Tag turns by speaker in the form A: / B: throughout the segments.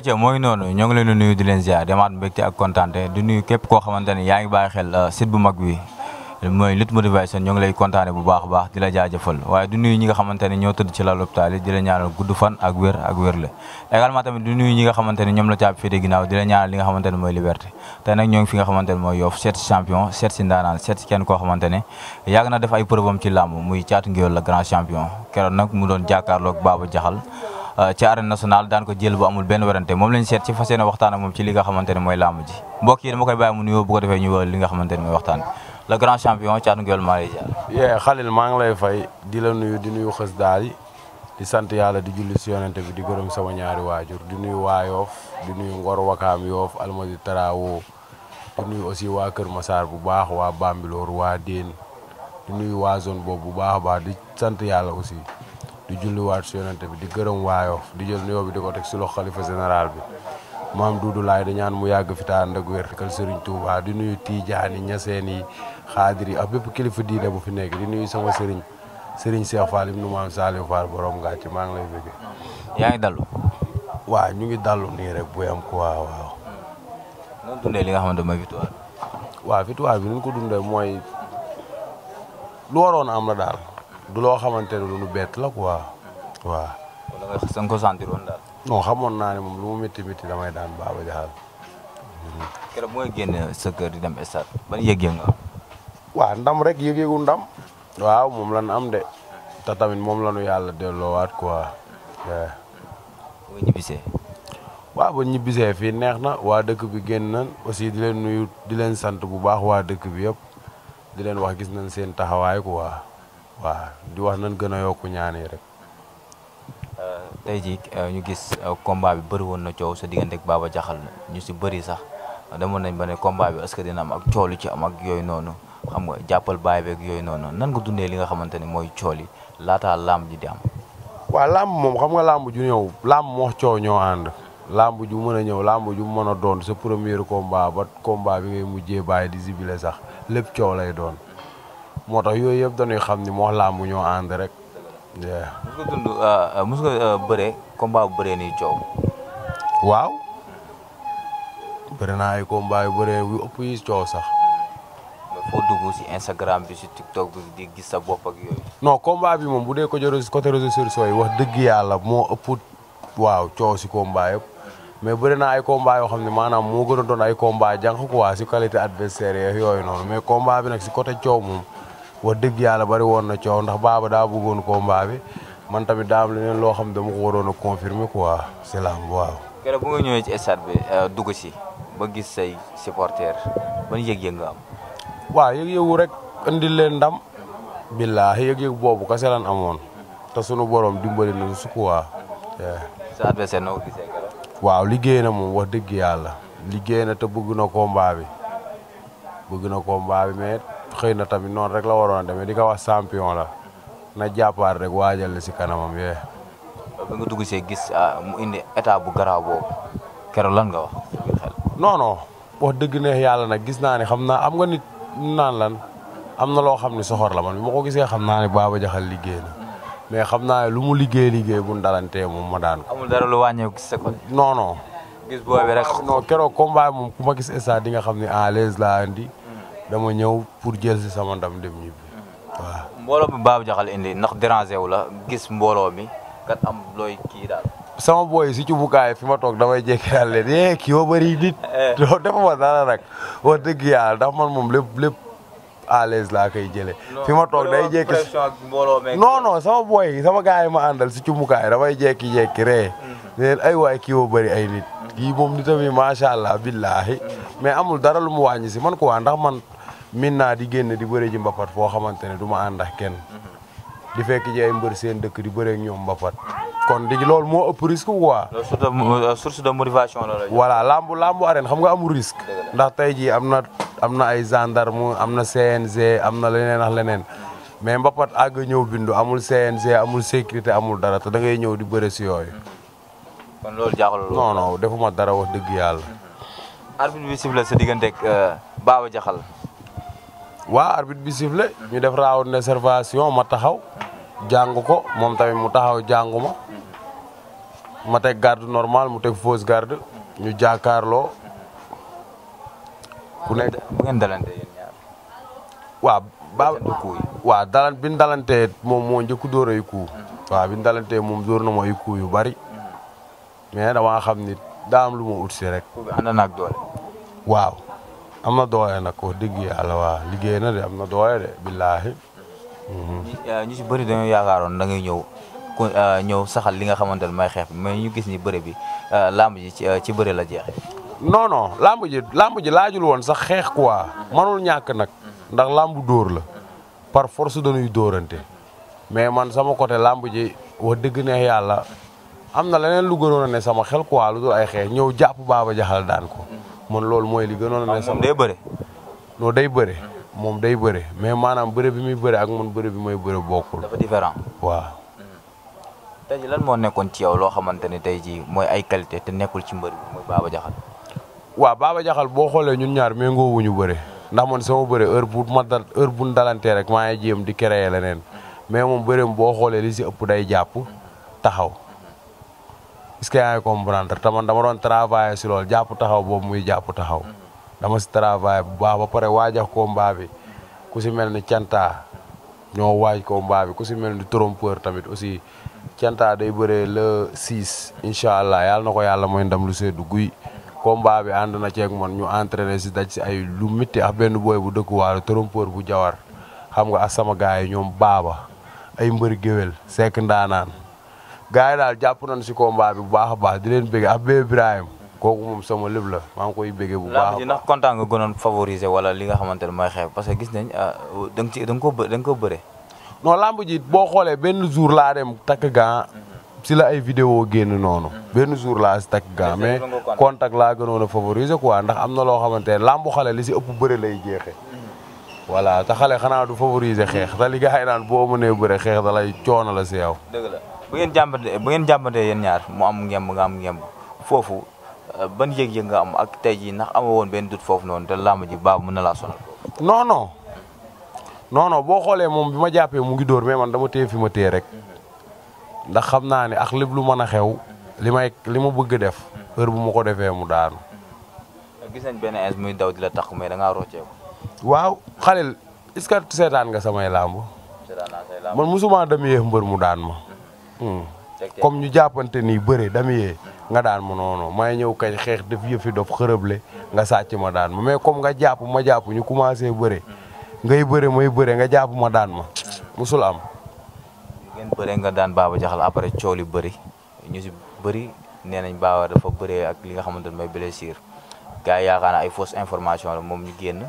A: ayca mooy noonu ñoo ngi leen di nuyu di leen ziar demaat mbégte ak kontaante di nuyu képp koo xamante yaa ngi bàyyi xel euh, site bu mag bi mooy lutte motivation ñoo ngi lay bu baax a baax di la jaajëfal a du nuyu ne ñoo tëdd ci lal hôpital du nuyu ñi nga xamante ne ñoom la caabi féete ginnaaw di la ñaanal li nga xamante mooy liberté tey nag ñoo ngi fi nga xamante ne mooy yoof seet si champion seet si ndaanaan seet si kenn koo xamante ne yàgg na def ay preuve am ci làmb muy caatu ngiwél la grand champion keroon nag Euh, ci arène nationale daan ko jël bu amul benn werante moom lañ seet ci fas a waxtaan ak moom ci li nga ne mooy làmb ji mbokk yi dama koy bàyyi mu nuyoo bu ko defee ñu li nga xamante ne mooy waxtaan le grand champion Thiatou Nguéweul maa lay jaar. Khalil
B: maa lay fay di la nuyu xës daal di sant yàlla di julli si yonente bi di gërëm sama ñaari waajur di nuyu waa Yoof di nuyu Ngor Wakaam Yoof Almadi Tarawo di nuyu aussi waa Kër Massar bu baax waa Bambilor waa Déen di nuyu waa zone boobu bu baax a sant yàlla aussi. di julliwaat si yonante bi di gërëm waayoof di jël nuyoo bi di ko teg si loxo xalifa général bi maam du Laye di ñaan mu yàgg fi taan ak wér kal Serigne Touba di nuyu Tidiane yi ñaseen yi xaadir yi ak bépp kilifa diine bu fi nekk di nuyu sama Serigne Serigne Cheikh Fall ibnu maam Saliou Fall borom ngaa ci maa ngi lay bëgg. yaa ngi dallu. waa ñu ngi dallu nii rek bu am quoi waaw.
A: noonu dundee li nga xamante
B: mooy victoire. waaw victoire bi ni ñu ko dundee mooy lu waroon am la daal. du loo xamante ne lu nu beet la quoi waaw. wala nga ko sentiroon daal. non xamoon naa ne moom lu mu métti métti damay daan Baba Diakhal.
A: keroog mooy génn sa di dem stade ban yëg-yëg
B: nga. ndam rek yëgeegu ndam. waaw moom lan am de. te tamit moom la nu yàlla delloowaat quoi. ba ñibbisee. waaw ba ñibbisee fii neex na waa dëkk bi génn nañ aussi di leen nuyu di leen sant bu baax waa dëkk bi yëpp di leen wax gis nañ seen taxawaay quoi.
A: waaw di wax nan gën a yokku ñaan yi rek. Euh, tey jii euh, ñu gis euh, combat bi bëri woon na coow sa diggante ak Baba Jaxal ñu si bëri sax demoon nañ ba ne combat bi est que dina am ak coow lu ci am ak yooyu noonu xam nga jàppal baay beeg yooyu noonu nan nga dundee li nga xamante ni mooy coow yi laataa làmb ji di am.
B: waa làmb moom xam nga làmb ju ñëw làmb moo coow ñoo ànd làmb ju mën a ñëw làmb ju mën a doon sa premier combat ba combat bi ngay mujjee bàyyi di zibilé sax lépp coow lay doon. moo tax yooyu yëpp dañuy xam ni moo làmb ñoo ànd rek. mës nga dund euh, euh, mës nga euh, bu bëree
A: nii coow. waaw. bëri naa ay combat yu bëree sax. foo dugg si Instagram bi si TikTok sa bopp ak yooyu.
B: non bi moom bu dee ko jëloon si yi wax dëgg yàlla moo ëpp waaw coow si combat yëpp. mais bëri naa ay combat yoo xam ne maanaam moo gën a doon ay combat jànq quoi si qualité adversaire yooyu noonu mais combat bi nag si côté coow moom. wax dëgg yàlla bari woon na coow ndax baaba daa bëggoon combat bi man tamit daa am loo xam ne dama ko waroon a confirmer quoi si lamb bu
A: ci stade bi euh, dugg si ba gis say supporters ban yëg-yëg waaw yëg-yëgu rek indil leen ndam. billaahi
B: yëg-yëg boobu kese lan amoon. te sunu boroom dimbali nañu su quoi. sa adversaire waaw liggéey na moom wax dëgg yàlla. liggéey na te bëgg na combat bi bëgg na combat bi mais. xëy na tamit noonu rek la waroon a demee di ko wax champion la na jàppaar rek waajal li si kanamam yee. bi nga dugg see gis ah, mu indi état bu garaaw boobu keroog lan nga wax. non non wax dëgg neex yàlla nag gis naa ne xam naa am nga nit naan lan am na loo xam ne soxor la man bi ma ko gisee xam naa ne Baba Jaxal liggéey na mais xam naa lu mu liggéey liggéey bu ndalantee moom ma daan amul dara lu wàññeeku ko. non gis boobu rek non keroog combat moom ku ma gis instant di nga xam ne à dama ñëw pour jël si sama ndam dem ñibbi waaw.
A: mbooloo bi Babou Diakhal indi ndax déranger wu la gis mbooloo mi kat looy kii daal.
B: sama booy si cubukaay fi ma toog damay jékki daal leen yee eh, kii ba bëri nit. loolu eh. dafa ma dara nag wax dëgg yàlla ndax man moom lépp lépp à l'aise laa koy jëlee. fi ma toog day jékki non non sama booy sama gars yi ma àndal si cubukaay damay jékki-jékki ree leen mm-hmm. ay waay kii ba bëri ay nit. Mm-hmm. kii moom nitam yi macha allah billahi mm-hmm. mais amul dara lu mu wàññi si man quoi ndax man. minna di génné di bëré ji mbapat fo xamanténé duma du ak kenn di fekk ji ay mbeur seen dëkk di bëré ak ñom mbapat kon di lool mo ëpp risque quoi.
A: Euh, source de motivation la voilà
B: lambu lambu arène xam nga amu risque. ndax tay ji amna amna ay gendarme amna CNG amna na leneen ak leneen mais mbapat ag ñëw bindu amul CNG amul sécurité amul dara te da ngay ñëw di bëré ci yoy mm-hmm.
A: kon lool jaaxal loolu. non
B: non defuma dara wax dëgg yalla mm-hmm.
A: arbitre visible siffle sa ak
B: euh, Baba Diakhal. waaw arbitre bi sifflé ñu def round d'observation ma taxaw jàng ko moom tamit mu taxaw jàng ma ma teg garde normal mu teg fausse garde ñu jàkkaarloo ku nekk bu ngeen dalante yéen ñaar waaw ba waaw dalan bi ñu dalantee moom moo dóor ay coup waaw bi na ma ay coup yu bari mais damaa xam ni daa am lu ma ut si rek waaw
A: am na doole nag wax dëgg yàlla waa liggéey na de am na doole de billaahi. Mhm. ñu si bëri dañoo yaakaaroon da ngay ñëw ku euh, ñëw saxal li nga xamante ne mooy xeex bi mais ñu gis ni bëri bi euh, làmb ji ci euh, ci bëri la jeex. non non làmb ji làmb ji laajul woon
B: sax xeex quoi manul ñàkk nag ndax làmb dóor la par force dañuy dóorante mais man sama côté làmb ji wax dëgg ne yàlla am na leneen lu gënoon ne sama xel quoi lu ay xeex ñëw jàpp baaba jaxal daan ko. man loolu mooy li gënoon a ne ah, sama day bëre non day bëre moom day bëre mais maanaam bëre bi muy bëre ak man bëre bi mooy bëre
A: bokkul dafa différent waaw mm-hmm. tey lan moo nekkoon ci yow loo xamante ne tey jii mooy ay qualité te nekkul ci mbër bi mooy Baba Diakhal waaw Baba Diakhal boo xoolee ñun ñaar
B: méngoo wuñu bëre ndax moon sama bëre heure bu ma dal heure bu dalantee rek maa ngi jéem di créer leneen mais moom bëreem boo xoolee li si ëpp day jàpp taxaw est que yaa ngi comprendre te dama doon travailler si loolu jàpp taxaw boobu muy jàpp taxaw. dama si travailler bu baax ba pare waajax combat bi ku si mel ni Canta ñoo waaj combat bi ku si mel ni trompeur tamit aussi Canta day bëree le 6 incha allah yàlla na ko yàlla mooy ndam lu seddu guy. combat bi ànd na ceeg moon ñu entraîné si daj si ay lu mitti ak benn booy bu dëkkuwaale trompeur bu jawar xam nga ak sama gars yi ñoom baaba ay mbër géwél sekk ndaanaan. gars yi daal jàpp nañu si combat bi bu baax a baax di leen bëgg ak bébé Ibrahima kooku moom sama lépp la maa ngi koy bëggee bu baax a baax
A: ndax kontaan nga gënoon favoriser wala li nga xamante ne mooy xew parce que gis nañ ah, da nga ci da nga ko da nga ko bëre non lamb ji boo xoolee benn jour laa dem
B: takk gan si la ay vidéo génn noonu benn jour laa si takk gan mais contact laa gënoon a favoriser quoi ndax am na loo xamante ne lamb xale li si ëpp bëre lay jeexee voilà te xale xanaa du favoriser xeex te li gars yi naan boo mënee bëre xeex da lay coono la si yow
A: dëgg la bu ngeen jàmbatee bu ngeen jàmbatee yéen ñaar mu am ngemb nga am ngemb fofu euh, ban yeg yëg nga am ak tay ji nak amoo woon benn dut fofu non te lamb ji baabu mu na la sonal.
B: non non non non bo xoolee mom bima jappé mu ngi dóor mais man dama téy fi ma téye rek ndax xamna ni ak lepp lu mën xew limay limu bëgg def heure bu mu ko défé mu daan
A: gis nañ ben ins muy daw dila la tax
B: mais da nga roccé waw xalel est-ce que seetaan nga samay lamb
A: seetaan naa say làmb
B: man musuma dem yéex mbër mu daan ma comme ñu jappanté ni bëré dama yee nga daan ma noonu may ñëw kañ xex def yëfi dof xërëble nga sacc ma daan mais comme nga japp ma japp ñu commencé bëré ngay bëré moy bëré nga japp ma daan ma musul am.
A: ngeen bëré nga daan Baba jaxal après cioli bëri ñu ci bëri nenañ Baba dafa bëré ak li nga xamante ne blessure gaay yi yaakaar ay fausse information la mom ñu genn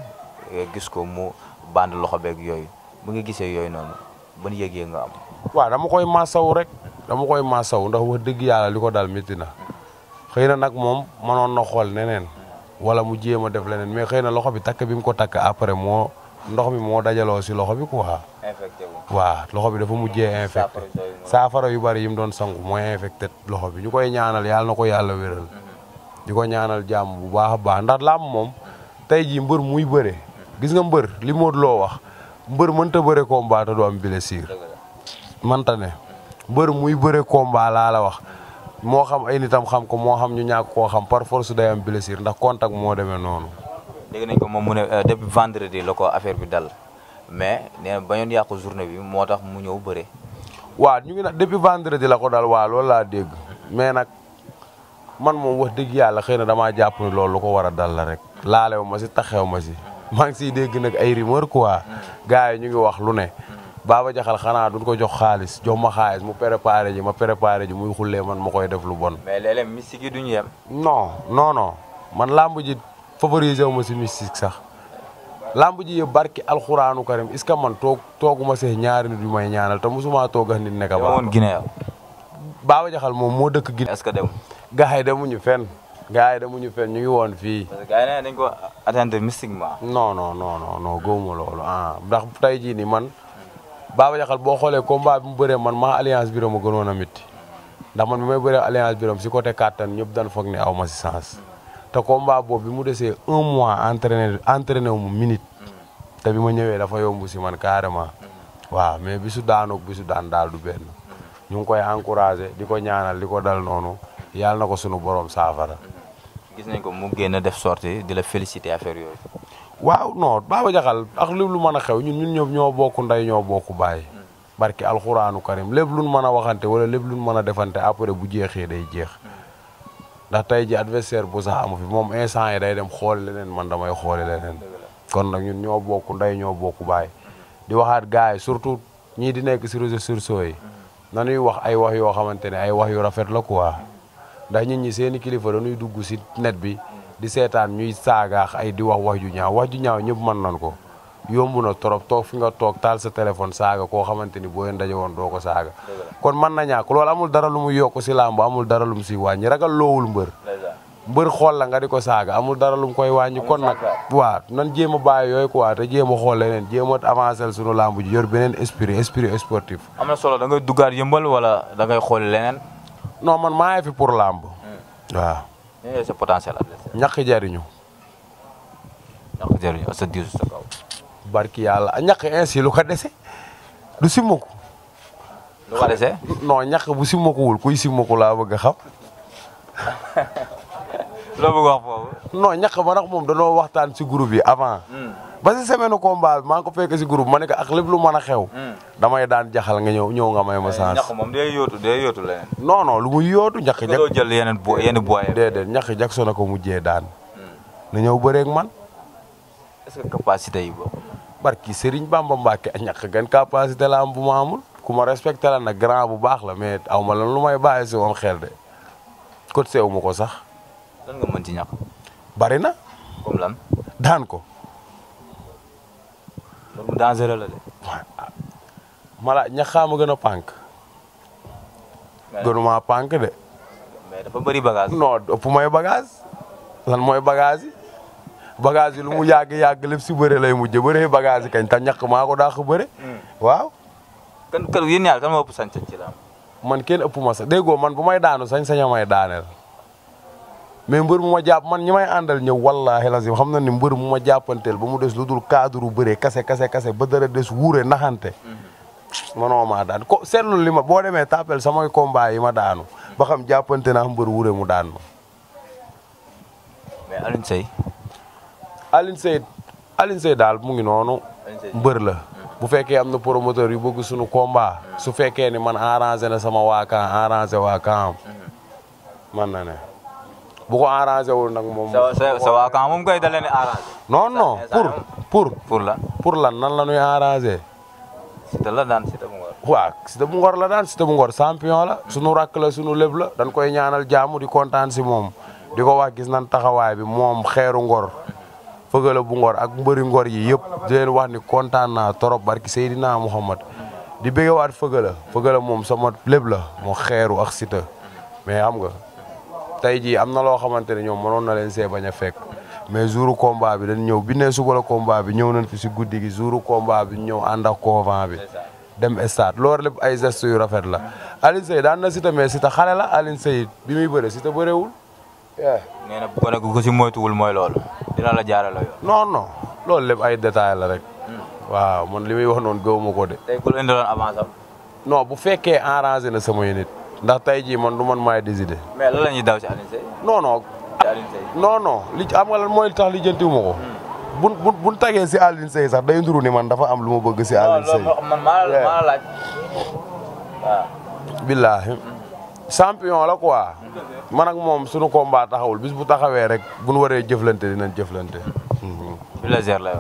A: gis ko mu band loxo beeg yoy bu nga gisé yoy non
B: bu ñu yëg nga am wa dama koy massaw rek dama koy massaw ndax wax deug yalla liko dal metina xeyna nak mom manon na xol nenen wala mu jema def lenen mais xeyna loxo bi tak bi mu ko tak après mo ndox mi mo dajalo si loxo bi quoi. infecté loxo bi dafa mujjé infecté. saafara yu bari yim don sangu mooy infecté loxo bi ñukoy ñaanal yalla nako yalla wëral mhm. diko ñaanal jàmm bu baax baax ndax làmb moom tey jii muy beure gis nga mbeur li mod Lo wax mën ta beure combat te am blessure. manta ne mbër muy bëre combat laa la wax moo xam ay nitam xam ko moo xam ñu ñàkk koo xam par force day am blessure ndax contact moo demee noonu.
A: dégg nañ ko moom mu ne euh, depuis vendredi la ko affaire bi dal mais nee na bañoon yàqu journée bi moo tax mu ñëw bëre. waaw ñu ngi nag depuis vendredi la ko dal waaw loolu laa dégg mais nag
B: man moom wax dëgg yàlla xëy na damaa jàpp lool loolu lu ko war a dal rek rek. laalew ma si taxew ma si. maa ngi siy dégg nag ay rumeur quoi. gars yi ñu ngi wax lu ne. baaba jaxal xanaa duñ ko jox xaalis jox ma xaalis mu préparé ji ma préparé ji muy xullee man ma koy def lu bon.
A: mais léeg-léeg mystique yi duñu yem.
B: man làmb ji favoriser wu ma si sax làmb ji barki alxuraanu karim est ce que man toog tooguma see ñaari nit yu may ñaanal te mosuma toog ak nit nekk. ba woon Guinée jaxal moom moo dëkk Guinée. est que dem. gars yi demuñu fenn. gars yi demuñu fenn ñu woon fii. parce que ko atteindre
A: mystiquement.
B: non non non loolu ah ndax tey jii nii man. Baba Jaxal boo xoolee combat bi mu bëree man maa alliance biram a gënoon a métti ndax man bi may bëree alliance biram si côté kattan ñëpp dañ foog ne aw ma si sens te combat boobu bi mu desee un mois entraîné entraîné wu mu minute te bi ma ñëwee dafa yomb si man carrément waaw mais bisu daanoog su daan daal du benn ñu ngi koy encouragé di ko ñaanal di ko dal noonu yàlla na ko sunu borom saafara. gis nañ ko mu génn def sortie di la féliciter affaire yooyu. waaw non Baba Jaxal ak lépp lu mën a xew ñun ñun ñëpp ñoo bokku ndey ñoo bokk baay. barki alxuraanu karim lépp luñ mën a waxante wala lépp luñ mën a defante après bu jeexee day jeex. ndax tey ji adversaire bu sax amu fi moom instant yi day dem xooli leneen man damay xooli leneen. kon nag ñun ñoo bokk ndey ñoo bokk baay. di waxaat gars surtout ñii di nekk si réseaux sociaux yi. na ñuy wax ay wax yoo xamante ne ay wax yu rafet la quoi. ndax nit ñi seeni i kilifa dañuy dugg si net bi. di seetaan ñuy saagaax ay di wax wax ju ñaaw wax ju ñaaw ñëpp mën nan ko yomb na trop toog fi nga toog taal sa téléphone saaga koo xamante ni boo leen saaga kon mën na ñàkk loolu amul dara lu mu si làmb amul dara lu mu si wàññi ragal loowul mbër mbër xool la nga ko saaga amul dara lu mu koy wàññi kon nag waa nan jéem a bàyyi yooyu quoi te jéem a xool leneen jéem a avancé ji yor beneen esprit esprit sportif
A: am na solo da ngay wala da ngay xool leneen non man maa fi pour Eh, sa potentiel adversaire. ñàkk jariñu.
B: ñàkk jariñu sa diir sa kaw. barki ñàkk ainsi lu ko dese du simmaku. lu ñàkk bu simmakuwul kuy simmaku laa bëgg a xam. la bëgg wax foofu. non ñàkk moom danoo waxtaan si groupe yi avant. Hmm. ba si semaine ko bi maa ngi ko fekk si groupe ma ne ko ak lépp lu mën a xew. Hmm. damay daan jaxal nga ñëw ñëw nga may ma chance. Eh, ñàkk moom
A: day yóotu day yóotu leneen.
B: lu mu yóotu ñàkk. nga doon jël yeneen bo yenn boy. déedéet ñàkk Jackson a ko mujjee daan. Hmm. na ñëw bëreek man. est-ce que capacité yi boobu. barki Serigne Bamba Mbacke ak ñàkk gan capacité la am bu ma amul. ku ma respecté la nag grand bu baax la mais aw ma la lu may bàyyi si woon xel de. côté seewu ma ko sax. lan nga mën ci ñak bari na comme lan daan ko loolu dangereux la de mala ñaxaama gën a pànk gënuma pànk de mais dafa bari bagage non ëpp mooy bagage lan mooy bagage yi bagage yi lu mu yàgg yàgg lépp si bëre lay mujj bëre bagage yi kañ tam ñàkk maa ko bëre hmm. waaw
A: kan kan yéen ñaar kan moo ëpp sañ ci laam
B: man kenn ëpp ma sa déggoo man bu may daanu sañ sañ may daaneel mais mbër mu ma jàpp man ñi may àndal ñëw wallaahi lazim xam na ni mbër mu ma jàppanteel ba mu des lu dul cadre bëree kase kase kase ba dara des wuure naxante mhm. mënoo maa daan ko seetlu li ma boo demee tàppel samay combat yi ma daanu ba xam jàppante naa mbër wuure mu daan ma mais Alioune Seye daal mu ngi noonu mbër la mhm. bu fekkee am na promoteur yu bëgg suñu combat mhm. su fekkee ni man arrangé na sama waa camp arrangé waa camp am man na ne
A: buku ko arrangé wul nag moom. sa waa camp moom kay da leen
B: non non pour
A: pour. pour la
B: pour lan nan la ñuy arrangé. Eh.
A: Siteu la dan Siteu bu Ngor.
B: waaw Siteu bu Ngor la daan Siteu bu Ngor champion la. sunu rakk la sunu lépp la. dañ koy ñaanal jaamu di kontaan si mom di ko wax gis nan taxawaay bi mom xeeru Ngor. fëgala bu Ngor ak mbëri Ngor yi yëpp di leen wax ni kontaan naa trop barki Seydina Muhammad di bëggewaat fëgala fëgala mom sama lépp la moo xeeru ak Siteu mais xam nga. tey jii am na loo xamante ne ñoom mënoon na leen see bañ a fekk mais jouru combat bi dañ ñëw bi ne suba la combat bi ñëw nañ fi si guddi gi jouru combat bi ñëw ànd ak convent bi dem stade loolu lépp ay gestes yu rafet la Alioune Seye daan na Siteu mais Siteu xale la Alioune Seye bi muy bëre Siteu bëreewul. nee na
A: bu ko nekk ku si moytuwul mooy loolu dina la jaarale yoon. non loolu lépp ay détails la rek. Hmm. waaw man li may wax noonu gëwuma ko de. tey ku leen doon avance
B: non bu fekkee arrangé na samay nit. ndax tey jii man du man maay décider. mais lan la ñuy daw ci Alioune
A: Seye non non.
B: am nga lan mooy tax li ko. bu bu tagee si Alioune Seye sax day nduru ni man dafa am lu ma bëgg si Alioune Seye.
A: man maa la laaj. waaw.
B: billaahi. Hmm. champion la quoi.
A: Hmm.
B: man ak moom suñu combat taxawul bis bu taxawee rek bu nu waree jëflante dina jëflante. plaisir hmm. la.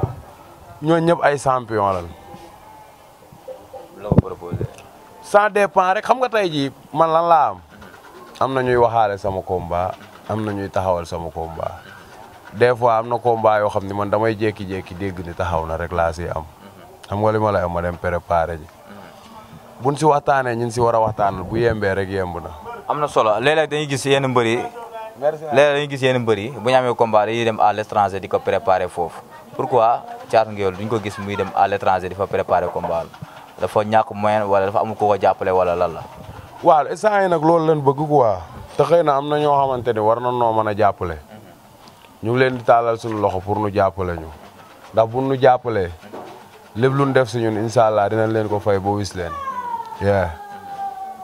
B: ñooñu ñëpp ay champion lan. ça dépend rek xam nga tey jii man lan laa am am na ñuy waxaale sama combat am na ñuy taxawal sama combat des fois am na combat yoo xam ne man damay jékki-jékki dégg ni taxaw na rek laa si am xam nga li ma lay am ma dem préparé ji buñ si waxtaanee ñun si war a waxtaanal bu yembee rek yemb na.
A: am na solo léeg-léeg dañuy gis yenn mbër yi léeg-léeg gis yenn mbër yi bu ñu amee combat dañuy dem à l'étranger di ko préparé foofu pourquoi yool Nguéweul duñ ko gis muy dem à l'étranger di fa préparé combat dafa ñàkk moyen wala dafa amul ku ko jàppale wala lan la.
B: waaw instant yi nag loolu leen bëgg quoi te xëy na am na ñoo xamante ni war na noo mën a jàppale. Mhm. ñu leen di taalal suñu loxo pour nu jàppale ñu ndax bu nu jàppalee lépp lu def si ñun incha allah dinañ leen ko fay boo wis leen.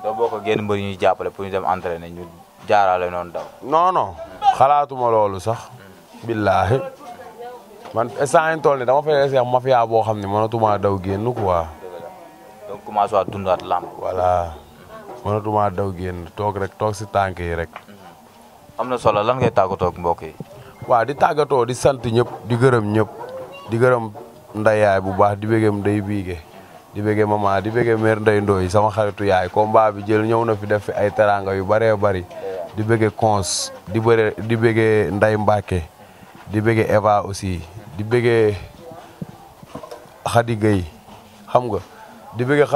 A: doo boo ko génn mbër ñuy jàppale pour ñu dem entraîner ñu jaarale noonu daw. non non xalaatuma loolu sax. billaahi man
B: instant yi toll nii dama fay seex mafia boo xam ne mënatuma daw génn quoi.
A: commencé waat dundaat làmb. voilà
B: mënatuma daw génn toog rek toog si tangke, rek. Mm-hmm.
A: am na solo lan ngay ya tàggatoo ak mbokk yi.
B: di tàggatoo di sant ñëpp di gërëm ñëpp di gërëm ndayaay bu baax di begem Ndeye Biige di begem mama di begem mère Ndeye Ndoye sama xaritu yaay combat bi jël ñëw na fi def fi ay teranga yu bëree bare di begem Cons di begem di di begem Eva aussi di begem Khady gay, xam nga di bëgg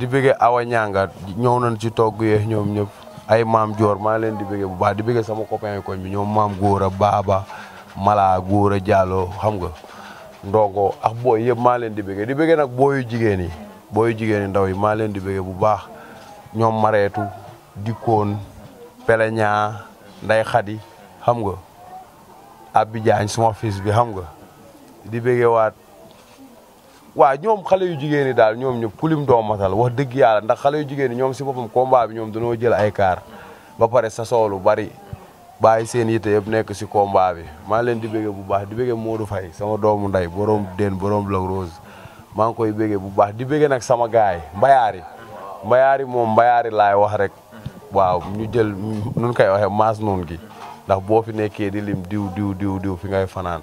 B: di bëgg awa ñanga ñëw nañ ci togg yeex ñom ñëpp ay maam jor ma leen di bëgg bu baax di bëgg sama copain koñ bi ñom maam góora baaba mala góora jallo xam nga ndogo ak boy yeb ma leen di bëgg di bëgg nak boyu jigeen yi boyu jigeen yi ndaw yi ma leen di bëgg bu baax ñoom maretu dikkoon pelagna nday xadi xam nga abidjaañ sama fils bi xam nga di bëgg waat waaw ñoom xale yu jigéen ñi daal ñoom ñu pulim doo matal wax dëgg yàlla ndax xale yu jigéen ñi ñoom si boppam combat bi ñoom dañoo jël ay kaar ba pare sa soolu bari bàyyi seen yitte yëpp nekk si combat bi maa leen di bëggee bu baax di bëggee Modou sama doomu nday borom den borom la rose maa ngi koy bëggee bu baax di bëggee nag sama gaay mbayaari mbayaari moom mbayaari laay wax rek waaw ñu jël nun koy waxee maas noonu gi ndax boo fi nekkee di lim diw diw diw diw fi ngay fanaan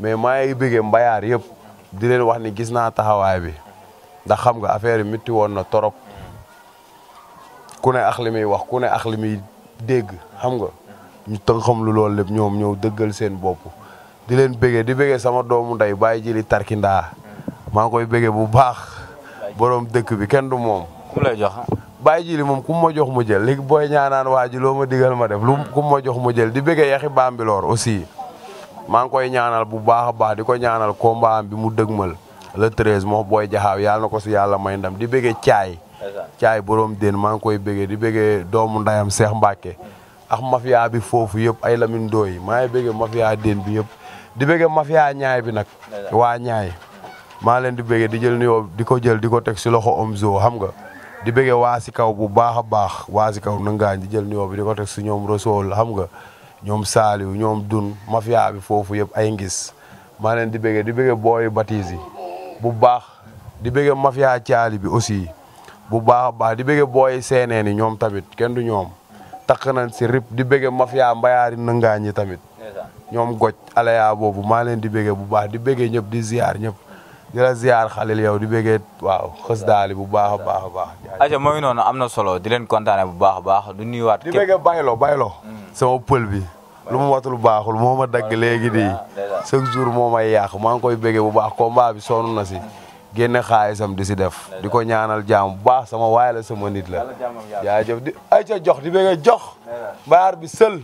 B: mais maa ngi bëggee mbayaar yëpp di leen wax ni gis naa taxawaay bi ndax xam nga affaire yi métti woon na torop ku ne ax li muy wax ku ne ax li muy dégg xam nga ñu xam lu loolu lép ñoom ñëw dëggal seen bopp di leen bëggee di bëggee sama doomu ndey bàyyi jili tarkindaa maa ngi koy bëggee bu baax borom dëkk bi kenn du moom ku lay jox bàyyi jili moom ku ma jox mu jël léegi booy ñaanaan waa ji loo ma digal ma def lu ku ma jox mu jël di bëggee yaxi bambiloor aussi maa ngi koy ñaanal bu baax a baax di ko ñaanal ko combat bi mu dëgmal le treize moo booy jaxaaw yàlla na ko si yàlla may ndam di bëggee caay caay borom déen maa ngi koy bëggee di bëggee doomu ndayam Seex mbaake ak mafia bi foofu yëpp ay lamin dooy maa ngi bëggee mafia bi yëpp di bëggee mafia ñaay bi nag waa ñaay maa leen di bëggee di jël nu nuyoo di ko jël di ko teg si loxo om Omzo xam nga di bëggee waa si kaw bu baax a baax waa si kaw nu nangaan di jël nuyoo bi di ko teg si ñoom Rasool xam nga ñoom Saliou ñoom Dun mafia bi foofu yëpp ay ngis maa leen di bëggee di bëggee booyu batiis yi bu baax di bëggee mafia caali bi aussi bu baax a di bëggee booy seeneen yi ñoom tamit kenn du ñoom takk nañ si rip di bëggee mafia mbayaari nëngaañ yi tamit ñoom goj ala boobu maa leen di bëggee bu baax di bëggee ñëpp di ziar ñëpp di la ziar xalil di bëggee waaw xës daali bu baax a baax
A: a baax. ayca mooy noonu am na solo di leen kontaane bu baax a baax du nuyuwaat. di bëggee baylo baylo mm.
B: sama pël bi. lu mu watul baaxul moo ma dagg léegi di chaque jour moo may yàq maa ngi koy béggee bu baax combat bi sonn na si génne xaalisam di si def di ko ñaanal jaam bu baax sama waay la sama nit la jaajëf di jox di béggee jox baar bi sël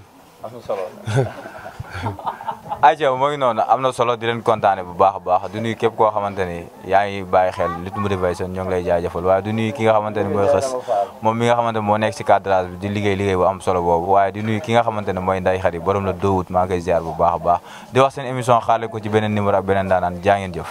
A: solo ayca moo ngi noonu am na solo di leen kontaane bu baax a baax du nuyu képp koo xamante ni yaa ngi bàyyi xel Lutte Motivation ñoo ngi lay jaajëfal waaye du nuyu ki nga xamante ni mooy xës moom mi nga xamante moo nekk si di liggéey liggéey bu am solo boobu waaye du nuyu ki nga xamante ne mooy nday xarit borom la doowut maa ngi koy ziar baax a baax di wax seen émission xaale ko ci beneen numéro beneen daanaan jaa ngeen jëf